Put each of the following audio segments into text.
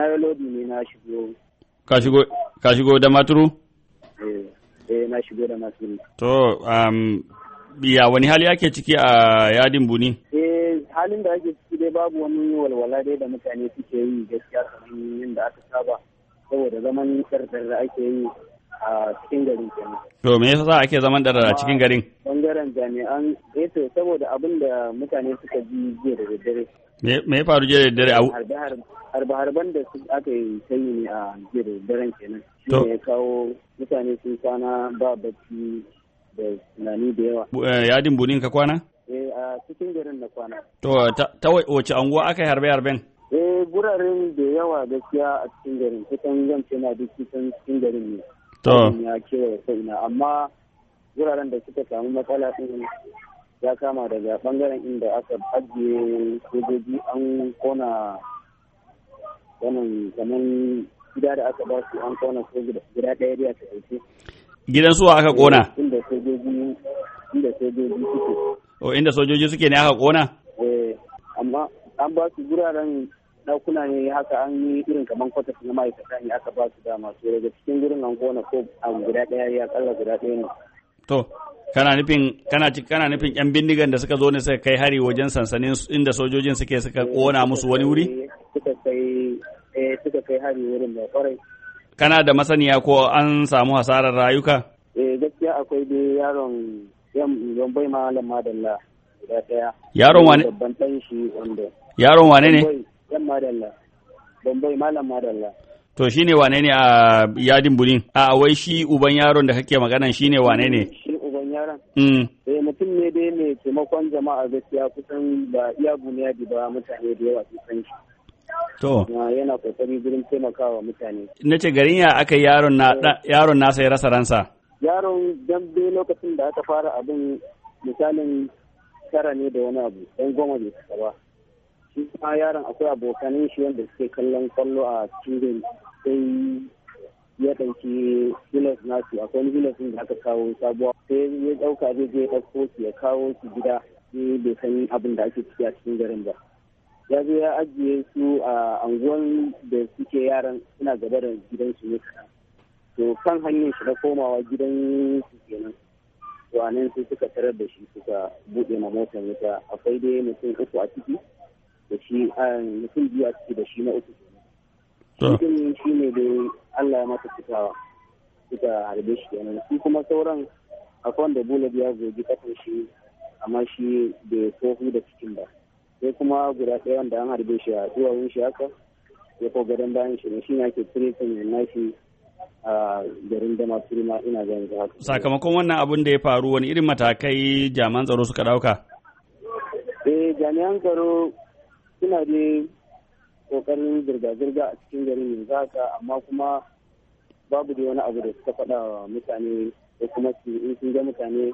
na yi lodi ne na shigo. Ka shigo da maturu? Eh, eh na shigo da maturu. To um, ya wani hali ake ciki a yadin buni? Eh halin da ake ciki dai babu wani walwala dai da mutane suke yi gaskiya kamar da aka saba saboda zaman tsardar da ake yi a cikin garin kenan. To me yasa ake zaman da a cikin garin? Bangaren jami'an eh to saboda abin da mutane suka ji jiya da daddare. Me ya faru jiya da daddare a Harbe-harben da aka yi sanyi ne a jiya da daddaren kenan. To ya kawo mutane sun kwana ba bacci da tunani da yawa. Eh, yadin bunin ka kwana? Eh a cikin garin na kwana. To ta wace anguwa aka yi harbe-harben? eh guraren da yawa gaskiya a cikin garin kusan zan ce na duk cikin garin ne to ya kewaye ko'ina amma wuraren da suka samu matsala din ya kama daga bangaren inda aka ajiye sojoji an kona wannan kamar gida da aka ba su an kona ko gida ɗaya da aka ɗauke. Gidan suwa aka kona? Inda sojoji inda sojoji suke. O inda sojoji suke ne aka kona? Eh amma an ba su guraren ɗakuna ne haka an yi irin kaman kwatas na ma'aikata ne aka ba su dama su daga cikin gurin an gona ko a guda ɗaya ya kalla guda ɗaya ne. To, kana nufin kana kana nufin yan bindigan da suka zo ne suka kai hari wajen sansanin inda sojojin suke suka kona musu wani wuri suka kai eh, suka kai hari wurin mai kwarai kana da masaniya ko an samu hasarar rayuka eh gaskiya akwai dai yaron yan bai malam madalla guda daya yaron wane babban dan shi wanda yaron wane ne madalla bambai malam madalla to shine wane ne a yadin bulin a wai shi uban yaron da kake magana shine wane ne shi uban yaron mm. eh mutum ne dai mai taimakon jama'a gaskiya kusan ba iya buniyadi ba mutane da yawa sun san shi To. Yana kokari gurin taimakawa mutane. Na ce garin ya aka yaron na yaron nasa sai rasa ransa. Yaron dan dai lokacin da aka fara abin misalin tara ne da wani abu, dan goma bai ba. shi kuma yaron akwai abokanin shi wanda suke kallon kwallo a cikin sai ya ɗauki na nasu akwai wani bilas da aka kawo sabuwa sai ya ɗauka zai je ya ya kawo su gida ne bai san abin da ake ciki a cikin garin ba ya zo ya ajiye su a anguwan da suke yaran suna gaba da gidansu ne to kan hanyar shi na komawa gidan su kenan to anan sai suka tarar da shi suka buɗe ma motar wuta akwai dai mutum uku a ciki mutum biyu a ciki da shi na uku kenan shi ne dai Allah ya mata fitawa suka harbe shi kenan shi kuma sauran akwai wanda bulab ya gogi kafin shi amma shi bai tohu da cikin ba sai kuma guda ɗaya wanda an harbe shi a duwawun shi haka ya ko gadon bayan shi ne shi ne ake tiritin ya nashi a garin dama turma ina ganin haka. Sakamakon wannan abun da ya faru wani irin matakai jami'an tsaro suka ɗauka? Eh jami'an tsaro suna da kokarin zirga-zirga a cikin garin yanzu haka amma kuma babu da wani abu da suka faɗa wa mutane ko kuma su in sun ga mutane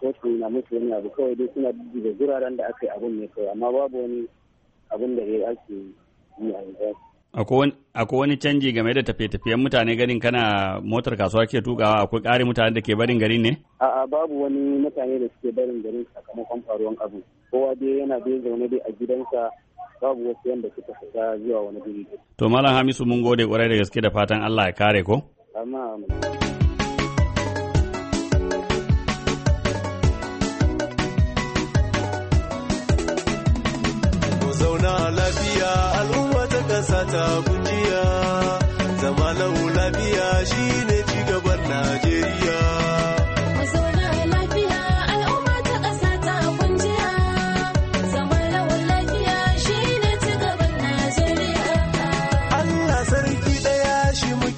ko su na musu wani abu kawai dai suna da zuraren da aka yi abun ne kawai amma babu wani abun da ya ake yi a yanzu Akwai wani canji game da tafiye-tafiyen mutane ganin kana motar kasuwa ke tukawa akwai ƙari mutane da ke barin garin ne? A'a babu wani mutane da suke barin garin sakamakon faruwan abu. Kowa dai yana dai zaune dai a gidansa babu wasu yanda suka fita zuwa wani guri. To Malam Hamisu mun gode kwarai da gaske da fatan Allah ya kare ko? Amma Ku zauna lafiya al'umma ta kasa ta gujiya. that you